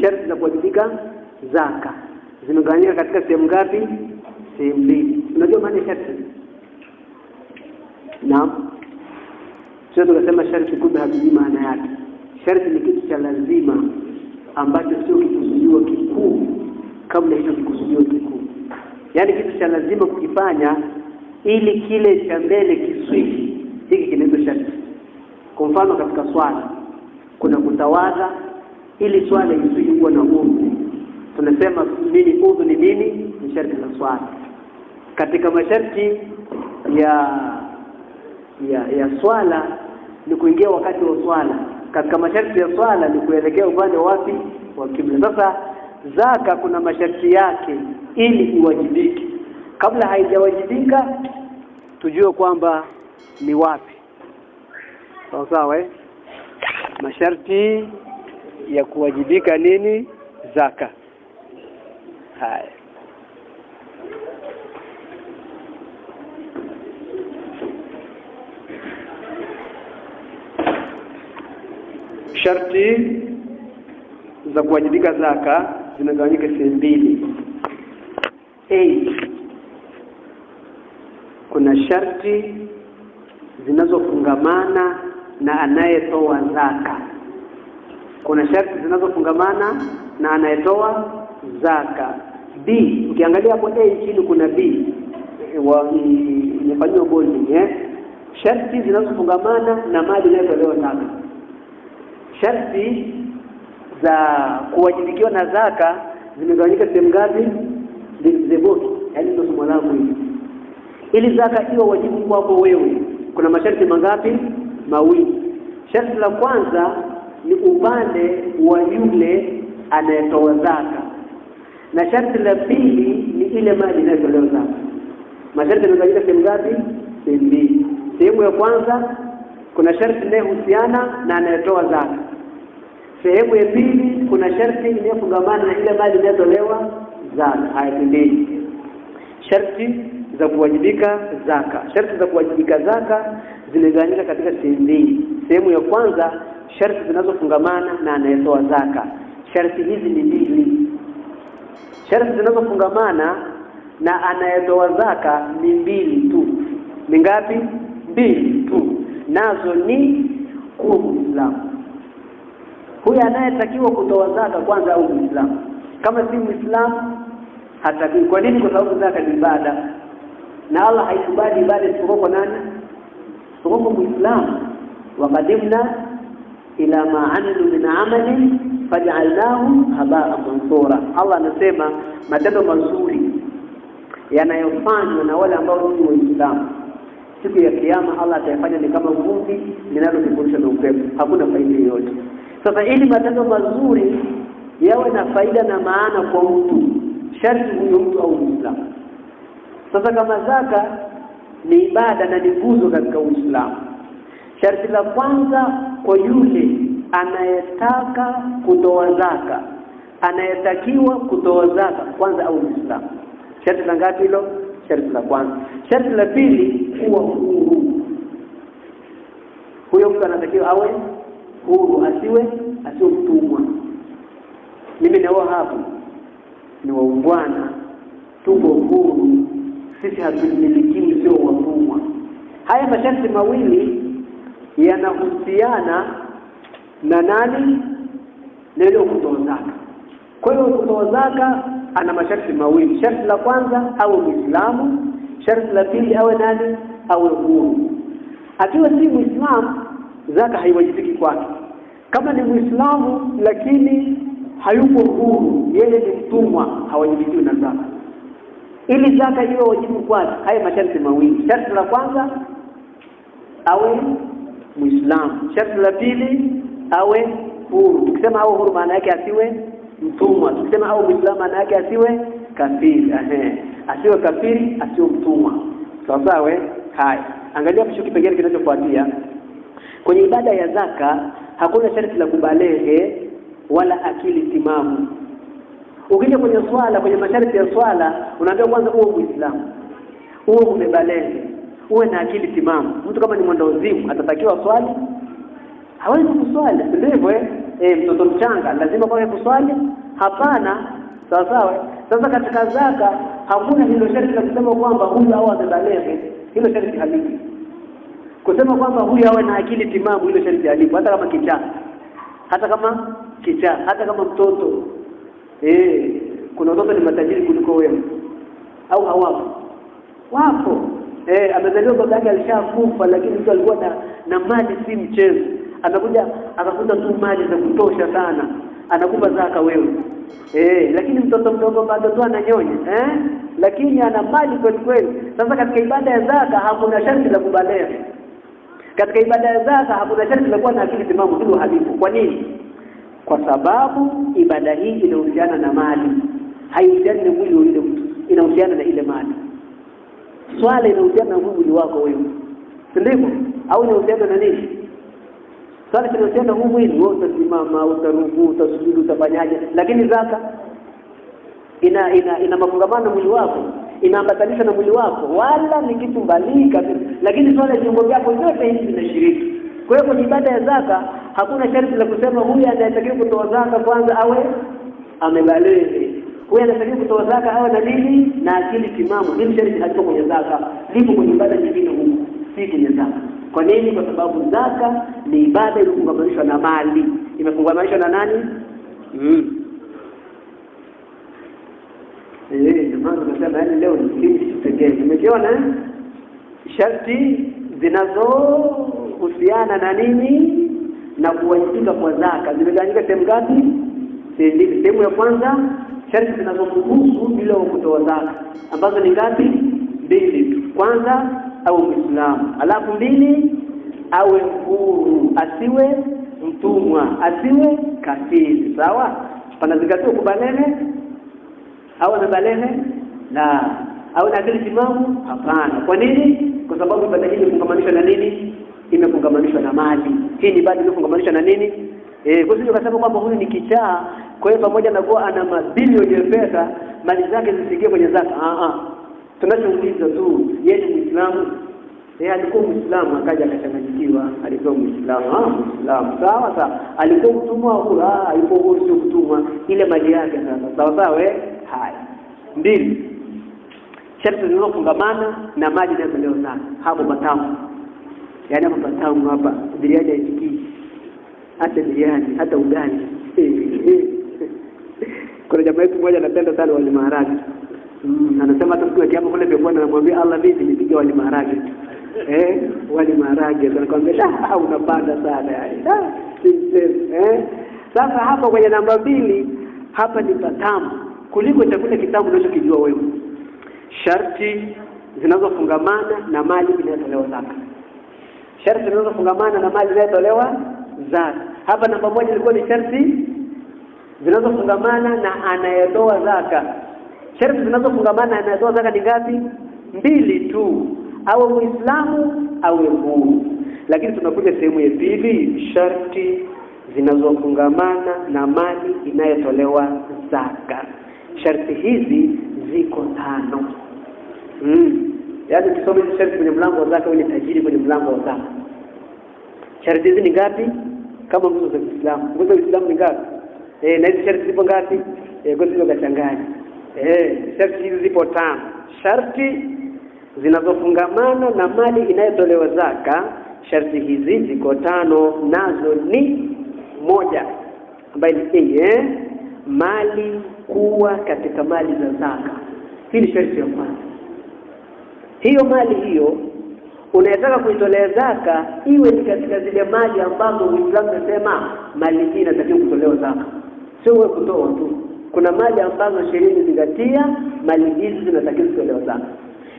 sharti za kuwajibika zaka. Zimegawanyika katika sehemu ngapi? Sehemu mbili. Unajua maana ya sharti? Naam, sio tukasema sharti, kumbe hatujui maana yake. Sharti ni kitu cha lazima ambacho sio kikusudiwa kikuu kabla hicho kikusudiwa kikuu, yaani kitu cha lazima kukifanya ili kile cha mbele kiswiki. Hiki kinaitwa sharti. Kwa mfano, katika swala kuna kutawadha ili swala isije kuwa na udhu. Tunasema nini udhu ni nini? Ni sharti la swala. Katika masharti ya ya ya swala ni kuingia wakati wa swala. Katika masharti ya swala ni kuelekea upande wapi? Wa kibla. Sasa zaka kuna masharti yake ili iwajibike. Kabla haijawajibika tujue kwamba ni wapi. Sawa sawa, eh? masharti ya kuwajibika nini zaka haya sharti za kuwajibika zaka zinagawanyika sehemu mbili a kuna sharti zinazofungamana na anayetoa zaka kuna sharti zinazofungamana na anayetoa zaka. B, ukiangalia hapo A chini kuna B e, imefanyiwa bolding eh, sharti zinazofungamana na mali inayotolewa zaka. Sharti za kuwajibikiwa na zaka zimegawanyika sehemu ngapi? Zeboki, yaani ndio somo langu hili. Ili zaka iwe wajibu kwako wewe, kuna masharti mangapi? Mawili. Sharti la kwanza ni upande wa yule anayetoa zaka, na sharti la pili ni ile mali inayotolewa zaka. Masharti yamegawanyika sehemu ngapi? Sehemu mbili. Sehemu ya kwanza kuna sharti inayohusiana na anayetoa zaka. Sehemu ya pili kuna sharti inayofungamana na ile mali inayotolewa zaka. Haya mbili sharti za kuwajibika zaka. Sharti za kuwajibika zaka zimegawanyika katika sehemu mbili. Sehemu ya kwanza sharti zinazofungamana na anayetoa zaka. Sharti hizi ni mbili. Sharti zinazofungamana na anayetoa zaka ni mbili tu. Ni ngapi? Mbili tu, nazo ni kuwa Muislamu. Huyu anayetakiwa kutoa zaka kwanza au Muislamu. Kama si Muislamu hatakiwi. Kwa nini? Kwa sababu zaka ni ibada na Allah haikubali ibada isipokuwa nani? Isipokuwa Muislamu. Wakadimna ila ma amilu min amali fajalnahu habaa mansura. Allah anasema matendo mazuri yanayofanywa na wale ambao si Waislamu, siku ya Kiyama Allah atayafanya ni kama vumbi linalopeperusha na upepo, hakuna faida yoyote. Sasa ili matendo mazuri yawe na faida na maana kwa mtu, sharti huyo mtu au Muislamu. Sasa kama zaka ni ibada na ni nguzo katika Uislamu, sharti la kwanza kwa yule anayetaka kutoa zaka, anayetakiwa kutoa zaka kwanza au Muislamu. Sharti la ngapi hilo? Sharti la kwanza. Sharti la pili, kuwa huru. Huyo mtu anatakiwa awe huru, asiwe asiwe mtumwa. Mimi na wao hapo ni waungwana, tuko huru sisi, hatumilikiwi, sio watumwa. Haya masharti mawili yanahusiana na nani? Neno kutoa zaka. Kwa hiyo kutoa zaka ana masharti mawili, sharti la kwanza awe Muislamu, sharti la pili awe nani? Awe huru. Akiwa si Muislamu, zaka haiwajibiki kwake. Kama ni Muislamu lakini hayuko huru, yeye ni mtumwa, hawajibikiwi na zaka. Ili zaka iwe wajibu kwake, haya masharti mawili, sharti la kwanza awe Muislamu. Sharti la pili awe huru. Tukisema awe huru, maana yake asiwe mtumwa. Tukisema awe Muislamu, maana yake asiwe kafiri. Ehe, asiwe kafiri, asiwe mtumwa. Sawa Haya, angalia kisho kipengele kinachofuatia kwenye ibada ya zaka. Hakuna sharti la kubalehe wala akili timamu. Ukija kwenye swala, kwenye masharti ya swala, unaambiwa kwanza uwe Muislamu, uwe umebalehe uwe na akili timamu. Mtu kama ni mwenda uzimu atatakiwa swali, hawezi kuswali, si ndivyo? Eh? eh, mtoto mchanga lazima kwa kuswali? Hapana, sawa sawa. Sasa katika zaka hakuna hilo sharti la kusema kwamba huyu au amebalere, hilo sharti haliki. Kusema kwamba huyu awe na akili timamu, hilo sharti halipo, hata kama kichaa, hata kama kichaa, hata kama mtoto eh, kuna watoto ni matajiri kuliko wewe, au hawapo? Wapo eh, amezaliwa baba yake alishakufa, lakini mtu alikuwa na, na mali si mchezo. Anakuja akakuta tu mali za kutosha sana, anakupa zaka wewe eh, lakini mtoto mdogo bado tu ananyonya eh, lakini ana mali kweli kweli. Sasa katika ibada ya zaka hakuna sharti la kubalea katika ibada ya zaka hakuna sharti la kuwa na akili timamu, hilo halipo. Kwa nini? Kwa sababu ibada hii inahusiana na mali, haihusiani na mwili wa yule mtu, inahusiana na ile mali swala inahusiana na mwili wako wewe, si ndivyo? Au inahusiana na nini? Swala kinahusiana na huu mwili wewe, utasimama, utaruku, utasujudu, utafanyaje. Lakini zaka ina ina, ina mafungamano na mwili wako, inaambatanisha na mwili wako, wala ni kitu mbali kabisa. Lakini swala ya viungo vyako vyote hivi vinashiriki. Kwa hiyo kwenye ibada ya zaka hakuna sharti la kusema huyu anayetakiwa kutoa zaka kwanza awe amebalehe. Wewe anatakiwa kutoa zaka awe na nini? Na akili timamu. Ni msharti alipo kwenye zaka, lipo kwenye ibada nyingine huko, si kwenye zaka. Kwa nini? Kwa sababu zaka ni ibada iliyofungamanishwa na mali. Imefungamanishwa na nani? Mm. Eh, yaani leo nimekiona sharti zinazohusiana na nini na kuwajibika kwa zaka zimegawanyika sehemu ngapi? Sehemu ya kwanza sharti zinazomhusu bila kutoa zaka ambazo ni ngapi? Mbili tu. Kwanza awe Muislamu, alafu mbili awe huru, asiwe mtumwa, asiwe kafiri. Sawa, panazingatiwa kubalehe au na balehe na au na akili timamu? Hapana. Kwa nini? Kwa sababu ibada hii imefungamanishwa na nini? Imefungamanishwa na mali. Hii ni ibada iliyofungamanishwa na nini? Eh, kwa sababu kasema kwamba huyu ni kichaa kwa hiyo pamoja na kuwa ana mabilioni ya pesa, mali zake zisingie kwenye zaka. Ah ah, tunachouliza tu, yeye ni Muislamu? Yeye alikuwa Muislamu akaja akachanganyikiwa, alikuwa Muislamu. Ah, Muislamu sawa sawa, alikuwa mtumwa huru? Ah, alikuwa huru, sio mtumwa, ile mali yake. Sasa sawa sawa, eh, haya mbili sharti zinazofungamana na maji inayotolewa sana hapo matamu. yaani hapo matamu hapa biriani haitikii hata biriani hata ugali eh, eh. eh jamaa yetu mmoja anapenda sana wali maharage mm. anasema hata siku ya kiapo kule peponi namwambia Allah mimi nipige wali maharage eh wali maharage anakuambia da ah, ah, unapanda sana yani ah, eh sasa hapa kwenye namba mbili hapa ni patamu kuliko chakula kitamu unachokijua wewe sharti zinazofungamana na mali inayotolewa zaka sharti zinazofungamana na mali inayotolewa zaka hapa namba moja ilikuwa ni sharti zinazofungamana na anayetoa zaka. Sharti zinazofungamana na anayetoa zaka ni ngapi? Mbili tu, awe Muislamu awe huru. Lakini tunakuja sehemu ya pili, sharti zinazofungamana na mali inayotolewa zaka. Sharti hizi ziko tano. Mm. Yaani tusome hizi sharti kwenye mlango wa zaka, ni tajiri kwenye mlango wa zaka. Sharti hizi ni ngapi? Kama nguzo za Uislamu. Nguzo za Uislamu ni ngapi? eh, na hizi sharti zipo ngapi? Eh, ngoja kachanganya. Eh, sharti hizi zipo tano. Sharti zinazofungamana na mali inayotolewa zaka, sharti hizi ziko tano, nazo ni moja, ambaye ni eh, mali kuwa katika mali za zaka. Hii ni sharti ya kwanza. Hiyo mali hiyo unayetaka kuitolea zaka iwe ni katika zile mali ambazo Uislamu unasema mali hii inatakiwa kutolewa zaka sio wewe kutoa tu. Kuna mali ambazo sheria inazingatia, mali hizi zinatakiwa zitolewa sana.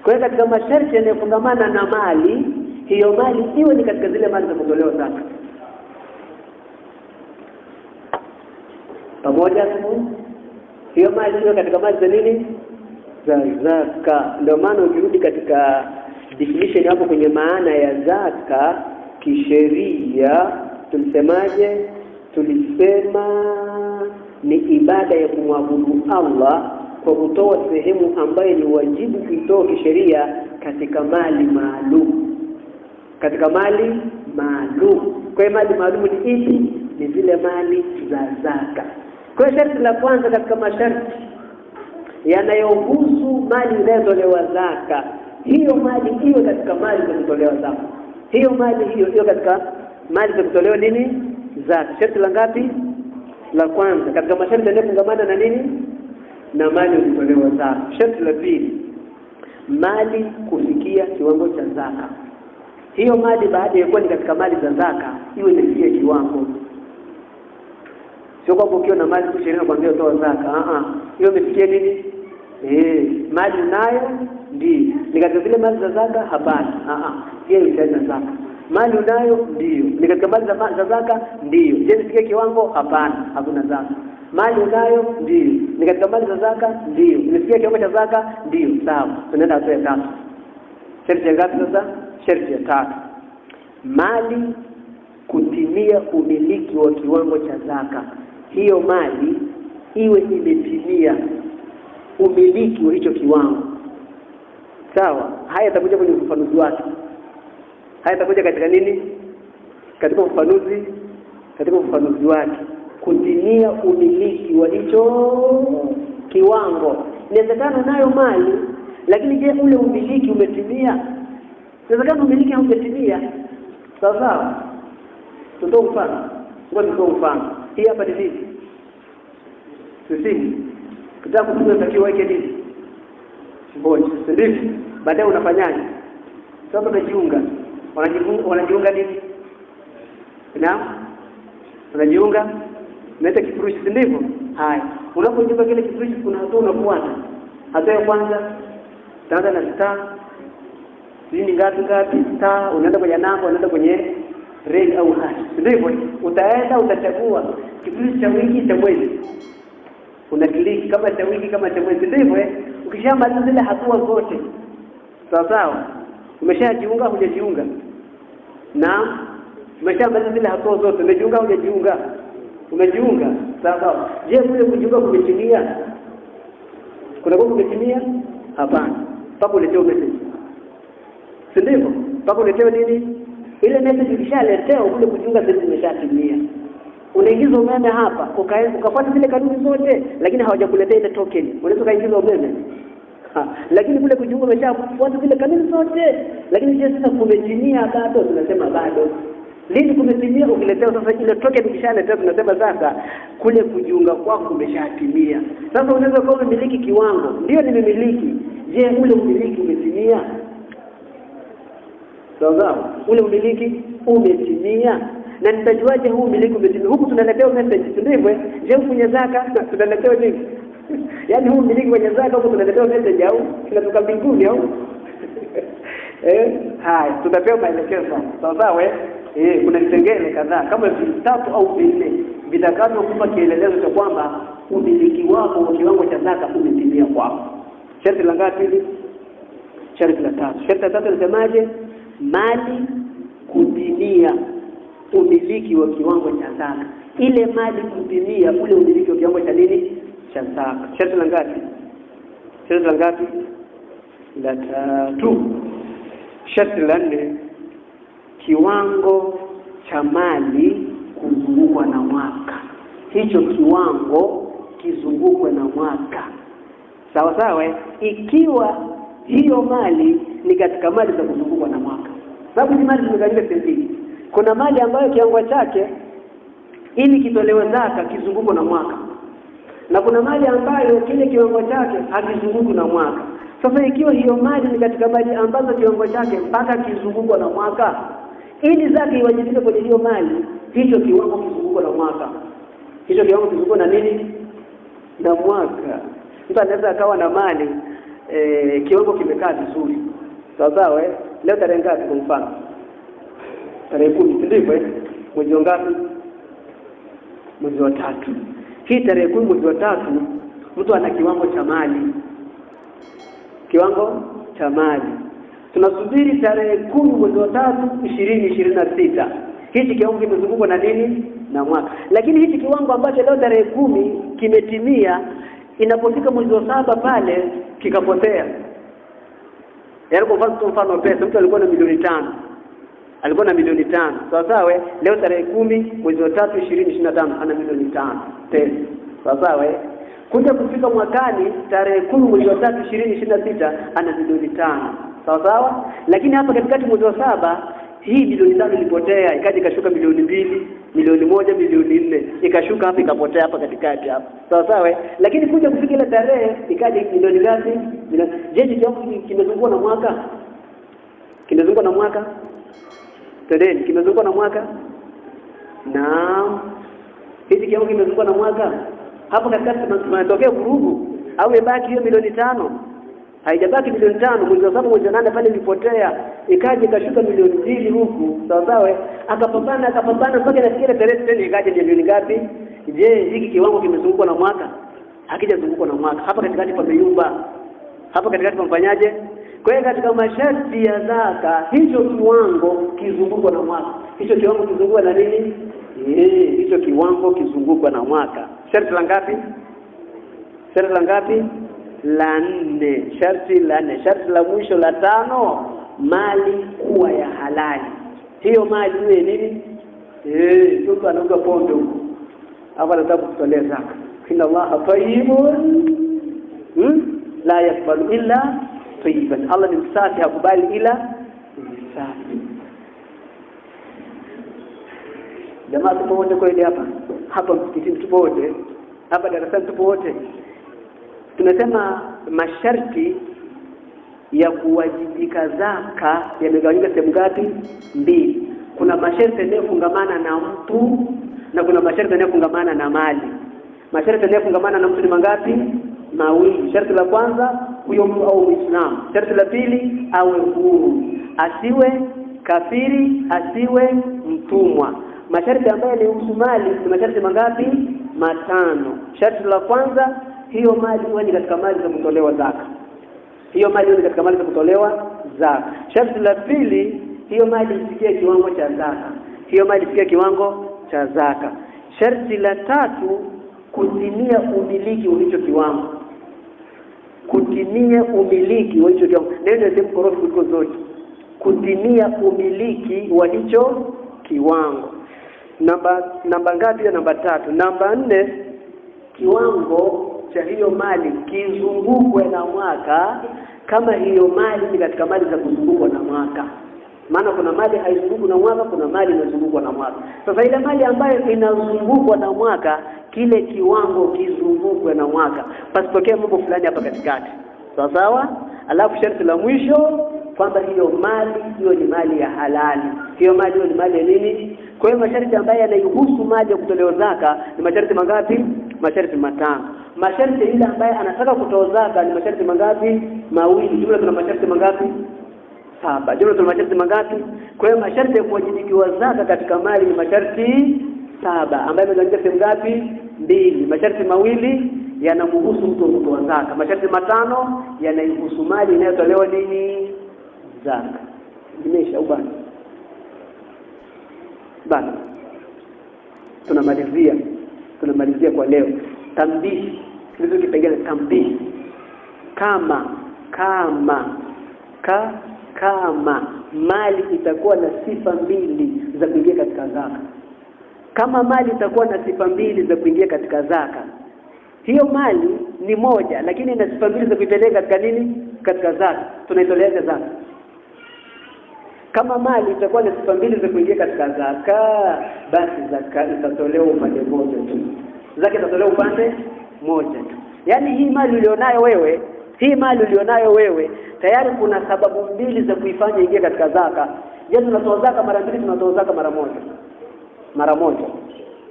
Kwa hiyo katika masharti yanayofungamana na mali hiyo, mali iwe ni katika zile mali za kutolewa zaka. Pamoja tu hiyo mali hiyo katika mali za nini? Za zaka. Ndio maana ukirudi katika definition hapo kwenye maana ya zaka kisheria, tulisemaje? Tulisema ni ibada ya kumwabudu Allah kwa kutoa sehemu ambayo ni wajibu kuitoa kisheria katika mali maalum, katika mali maalum. Kwa hiyo mali maalum ni ipi? Ni zile mali za zaka. Kwa hiyo sharti la kwanza katika masharti yanayohusu mali inayotolewa zaka, hiyo mali hiyo katika mali za kutolewa zaka, hiyo mali hiyo hiyo katika mali za kutolewa nini zaka. Sharti la ngapi? la kwanza katika masharti yanayofungamana na nini na mali ulitolewa zaka. Sharti la pili, mali kufikia kiwango cha zaka. Hiyo mali baada ya kuwa ni katika mali za zaka iwe inafikia kiwango, sio kwamba ukiwa na mali tu sheria inakwambia toa zaka. a a, hiyo imefikia nini? Eh, mali unayo ndio ni katika zile mali za zaka? Hapana, a a, hiyo ni zaka Mali unayo? ndio Ni katika mali za zaka? Ndiyo. Je, nifikie kiwango? Hapana, hakuna zaka. Mali unayo? ndio Ni katika mali za zaka? ndio Nifikie kiwango cha zaka? ndio Sawa, tunaenda hatua ya tatu. Sharti ya ngapi sasa? Sharti ya tatu, mali kutimia umiliki wa kiwango cha zaka. Hiyo mali iwe imetimia umiliki wa hicho kiwango. Sawa, haya yatakuja kwenye ufafanuzi wake haya yatakuja katika nini? Katika ufafanuzi, katika ufafanuzi wake kutimia umiliki wa hicho kiwango. Inawezekana unayo mali, lakini je, ule umiliki umetimia? Inawezekana umiliki haujatimia. Sawa sawa, tutoe mfano, ngoja tutoe mfano. Hii hapa ni nini? Sisi kitaka kufunga takiwa weke nini? Mboja, si ndivyo? Baadaye unafanyaje? Sasa unajiunga wanajiunga nini? Naam, wanajiunga naita kifurushi, si ndivyo? Haya, unapojiunga kile kifurushi, kuna hatua unafuata. Hatua ya kwanza utaanza na star, ni ngapi ngapi, star, unaenda kwenye namba, unaenda kwenye reli au hash, si ndivyo? Utaenda utachagua kifurushi cha wiki, cha mwezi una click kama cha wiki, kama cha mwezi, ndivyo. Eh? Ukishamaliza zile hatua zote, sawa sawa Umeshajiunga hujajiunga? na umeshamaliza zile hatua zote, umejiunga hujajiunga? Umejiunga, sawa. Je, kule kujiunga kumetimia? Kuna kwa kumetimia? Hapana, mpaka uletewe message, si ndivyo? Mpaka uletewe nini? Ile message ukishaletewa, kule kujiunga sasa imeshatimia. Unaingiza umeme hapa, ukafuata zile kanuni zote, lakini hawajakuletea ile token. Unaweza ukaingiza umeme lakini kule kujiunga umeshafuata zile kanuni zote, lakini je, sasa kumetimia? Bado tunasema bado. Lini kumetimia? Ukiletea sasa ile token, ukishaletea tunasema sasa kule kujiunga kwako kumeshatimia. Sasa unaweza kuwa umemiliki kiwango, ndio nimemiliki. Je, ule umiliki umetimia? Sasa ule umiliki umetimia na nitajuaje huu umiliki umetimia? Huku tunaletewa message, ndivyo. Je, ufunye zaka tunaletewa nini? yaani huu mmiliki kwenye zaka huko tunaletewa message au tunatoka mbinguni au eh haya tutapewa maelekezo sawa sawa eh kuna vipengele kadhaa kama vitatu au vinne vitakavyokupa kielelezo cha kwamba umiliki wako wa kiwango cha zaka umetimia kwako sharti la ngapi sharti la tatu sharti la tatu inasemaje mali kudimia umiliki wa kiwango cha zaka ile mali kudimia ule umiliki wa kiwango cha nini cha sharti la ngapi sharti la ngapi la tatu sharti la nne kiwango cha mali kuzungukwa na mwaka hicho kiwango kizungukwe na mwaka sawa sawa eh? ikiwa hiyo mali ni katika mali za kuzungukwa na mwaka sababu ni mali zimegawanyika sehemu kuna mali ambayo kiwango chake ili kitolewe zaka kizungukwe na mwaka na kuna mali ambayo kile kiwango chake hakizunguki na mwaka. Sasa ikiwa hiyo mali ni katika mali ambazo kiwango chake mpaka kizungukwa na mwaka, ili zake iwajibike kwenye hiyo mali, hicho kiwango kizunguko na mwaka, hicho kiwango kizunguko na nini? Na mwaka. Mtu anaweza akawa na mali e, kiwango kimekaa vizuri, sawa sawa. Eh? Leo tarehe ngapi? Kwa mfano tarehe kumi, si ndivyo? Eh? Mwezi wa ngapi? Mwezi wa tatu hii tarehe kumi mwezi wa tatu mtu ana kiwango cha mali, kiwango cha mali. Tunasubiri tarehe kumi mwezi wa tatu ishirini ishirini na sita hichi kiwango kimezungukwa na nini na mwaka, lakini hichi kiwango ambacho leo tarehe kumi kimetimia, inapofika mwezi wa saba pale kikapotea. Yaani kwa mfano, mfano pesa, mtu alikuwa na milioni tano alikuwa na milioni tano sawa sawa. Leo tarehe kumi mwezi wa tatu ishirini ishirini na tano ana milioni tano pesa sawa sawa. Kuja kufika mwakani tarehe kumi mwezi wa tatu ishirini ishirini na sita ana milioni tano sawa sawa. Lakini hapa katikati mwezi wa saba hii milioni tano ilipotea, ikaja ikashuka milioni mbili, milioni moja, milioni nne, ikashuka hapa, ikapotea hapa katikati hapa, sawa sawa. Lakini kuja kufika ile tarehe ikaja milioni ngapi? Je, kimezungua na mwaka, Kimezungua na mwaka Sadeni kimezungukwa na mwaka? Naam. Hizi kiwango kimezungukwa na mwaka? Hapo katikati tunatokea vurugu au imebaki hiyo milioni tano? Haijabaki milioni tano, mwezi wa saba mwezi wa nane pale ilipotea, ikaje ikashuka milioni mbili huku, sawa sawa, eh? akapambana akapambana mpaka nafikiri tarehe tena ikaje milioni ngapi? Je, hiki kiwango kimezungukwa na mwaka? Hakijazungukwa na mwaka. Hapa katikati pameyumba. Hapa katikati pamfanyaje? Kwa hiyo katika masharti ya zaka hicho kiwango kizungukwa na mwaka, hicho kiwango kizungukwa na nini? Eh, hicho kiwango kizungukwa na mwaka. Sharti la ngapi? Sharti la ngapi? La nne. Sharti la nne, sharti la mwisho la tano, mali kuwa ya halali. Hiyo mali iwe nini? Eh, mtu anauza pombe huko hapa, anataka kutolea zaka. Inna Allaha tayyibun hmm? la yaqbalu illa tayyiban, Allah ni msafi, hakubali ila safi. Jamaa, tupo wote kweli hapa hapa msikitini, tupo wote hapa darasani, tupo wote tunasema masharti ya kuwajibika zaka yamegawanyika sehemu ngapi? Mbili. Kuna masharti yanayofungamana na mtu na kuna masharti yanayofungamana na mali. Masharti yanayofungamana na mtu ni mangapi? Mawili. Sharti la kwanza huyo mtu au Muislamu. Sharti la pili awe huru, asiwe kafiri, asiwe mtumwa. Masharti ambayo yanahusu mali ni masharti mangapi? Matano. Sharti la kwanza, hiyo mali iwe ni katika mali za kutolewa zaka. Hiyo mali ni katika mali za kutolewa zaka. Sharti la pili, hiyo mali isikie kiwango cha zaka. Hiyo mali isikie kiwango cha zaka. Sharti la tatu, kuzimia umiliki ulicho kiwango kutimia umiliki wa hicho kiwango. Neno ni mkorofi kuliko zote, kutimia umiliki wa hicho kiwango. Namba namba ngapi? ya namba tatu. Namba nne, kiwango cha hiyo mali kizungukwe na mwaka, kama hiyo mali ni katika mali za kuzungukwa na mwaka maana kuna mali haizungukwi na mwaka, kuna mali inazungukwa na mwaka. Sasa ile mali ambayo inazungukwa na mwaka, kile kiwango kizungukwe na mwaka pasitokee mambo fulani hapa katikati, sawa sawa. Alafu sharti la mwisho kwamba hiyo mali hiyo ni mali ya halali, hiyo mali hiyo ni mali ya nini? Kwa hiyo masharti ambayo yanaihusu mali ya kutolewa zaka ni masharti mangapi? Masharti matano. Masharti ile ambaye anataka kutoa zaka ni masharti mangapi? Mawili. Jumla tuna masharti mangapi? Saba. Jumla tuna masharti mangapi? Kwa hiyo masharti ya kuwajibikiwa zaka katika mali ni masharti saba ambayo imegawanyika sehemu ngapi? Mbili, masharti mawili yanamhusu mtu mtoa zaka. Masharti matano yanaihusu mali inayotolewa nini? Zaka. Imesha au bana? tunamalizia tunamalizia kwa leo. Tambihi, kilicho kipengele tambihi, kama kama ka kama mali itakuwa na sifa mbili za kuingia katika zaka, kama mali itakuwa na sifa mbili za kuingia katika zaka hiyo mali ni moja lakini ina sifa mbili za kuipeleka katika nini katika zaka Tunaitoleaje zaka kama mali itakuwa na sifa mbili za kuingia katika zaka basi zaka itatolewa upande mmoja tu zaka itatolewa upande moja tu yaani hii mali ulionayo wewe hii mali ulionayo wewe tayari kuna sababu mbili za kuifanya ingie katika zaka je tunatoa zaka mara mbili tunatoa zaka mara moja mara moja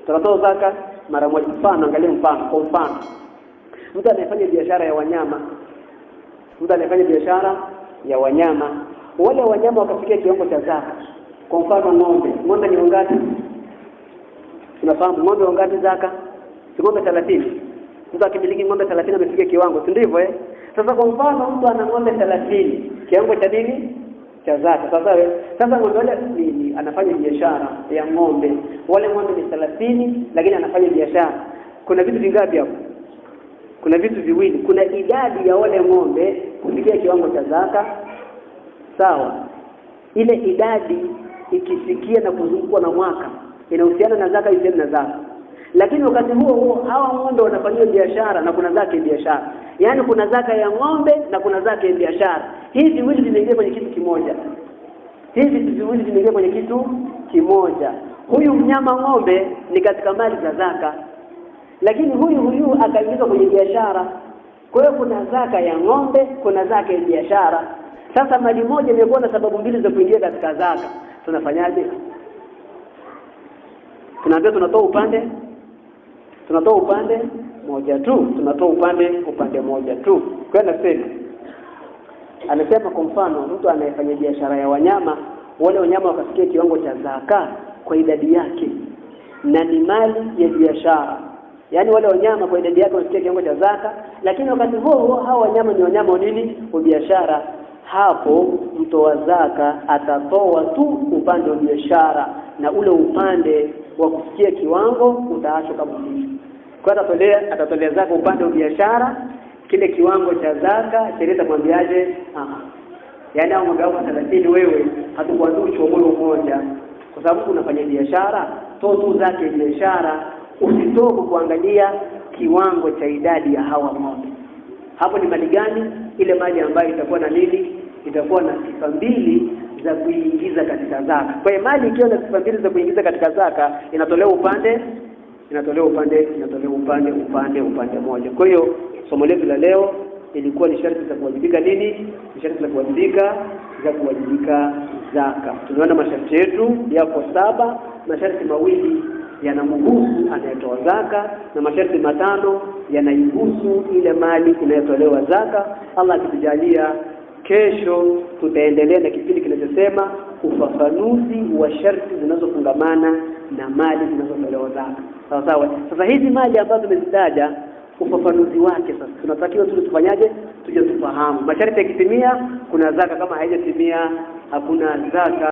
tunatoa zaka mara moja. Mfano, angalia mfano. Kwa mfano, mtu anayefanya biashara ya wanyama, mtu anayefanya biashara ya wanyama, wale wanyama wakafikia kiwango cha zaka. Kwa mfano, ng'ombe. Ng'ombe ni wangapi? Tunafahamu ng'ombe wangapi zaka? Si ng'ombe 30. Mtu akimiliki ng'ombe 30 amefikia kiwango, si ndivyo eh? Sasa kwa mfano, mtu ana ng'ombe 30, kiwango cha nini? cha zaka. Sasa sasa ng'ombe wale ni anafanya biashara ya ng'ombe. Wale ng'ombe ni thelathini, lakini anafanya biashara. Kuna vitu vingapi hapo? Kuna vitu viwili. Kuna idadi ya wale ng'ombe kufikia kiwango cha zaka, sawa. Ile idadi ikifikia na kuzungukwa na mwaka inahusiana na zaka, isiana na zaka lakini wakati huo huo hawa ng'ombe wanafanyiwa biashara na kuna zaka ya biashara, yaani kuna zaka ya ng'ombe na kuna zaka ya biashara. Hivi viwili vimeingia kwenye kitu kimoja hivi vitu viwili kwenye kitu kimoja. Huyu mnyama ng'ombe ni katika mali za zaka, lakini huyu huyu akaingizwa kwenye biashara. Kwa hiyo kuna zaka ya ng'ombe, kuna zaka ya biashara. Sasa mali moja imekuwa na sababu mbili za kuingia katika zaka, tunafanyaje? Tunaambia tunatoa upande, tunatoa upande moja tu, tunatoa upande upande moja tu. Kwa nasema Amesema kwa mfano, mtu anayefanya biashara ya wanyama, wale wanyama wakafikia kiwango cha zaka kwa idadi yake, na ni mali ya biashara, yaani wale wanyama kwa idadi yake wamefikia kiwango cha zaka, lakini wakati huo huo hao wanyama ni wanyama nini? Wa biashara. Hapo mtoa zaka atatoa tu upande wa biashara, na ule upande wa kufikia kiwango utaachwa kama kwa, atatolea atatolea zaka upande wa biashara kile kiwango cha zaka sheria tamwambiaje ah. yaani au mgao wa 30 wewe hatukuanzii chomoyo mmoja kwa sababu unafanya biashara toa tu zake biashara usitoke kuangalia kiwango cha idadi ya hawa ng'ombe hapo ni mali gani ile mali ambayo itakuwa na nini itakuwa na sifa mbili za kuingiza katika zaka kwa hiyo mali ikiwa na sifa mbili za kuingiza katika zaka inatolewa upande inatolewa upande inatolewa upande upande upande moja kwa hiyo somo letu la leo ilikuwa ni sharti za kuwajibika nini? Ni sharti za kuwajibika za kuwajibika zaka. Tumeona masharti yetu yako saba, masharti mawili yanamhusu anayetoa zaka na masharti matano yanaihusu ile mali inayotolewa zaka. Allah akitujalia, kesho tutaendelea na kipindi kinachosema ufafanuzi wa sharti zinazofungamana na mali zinazotolewa zaka. Sawa Sasa hizi mali ambazo zimezitaja ufafanuzi wake. Sasa tunatakiwa tu tufanyaje? Tuje tufahamu masharti yakitimia, kuna zaka, kama haijatimia hakuna zaka.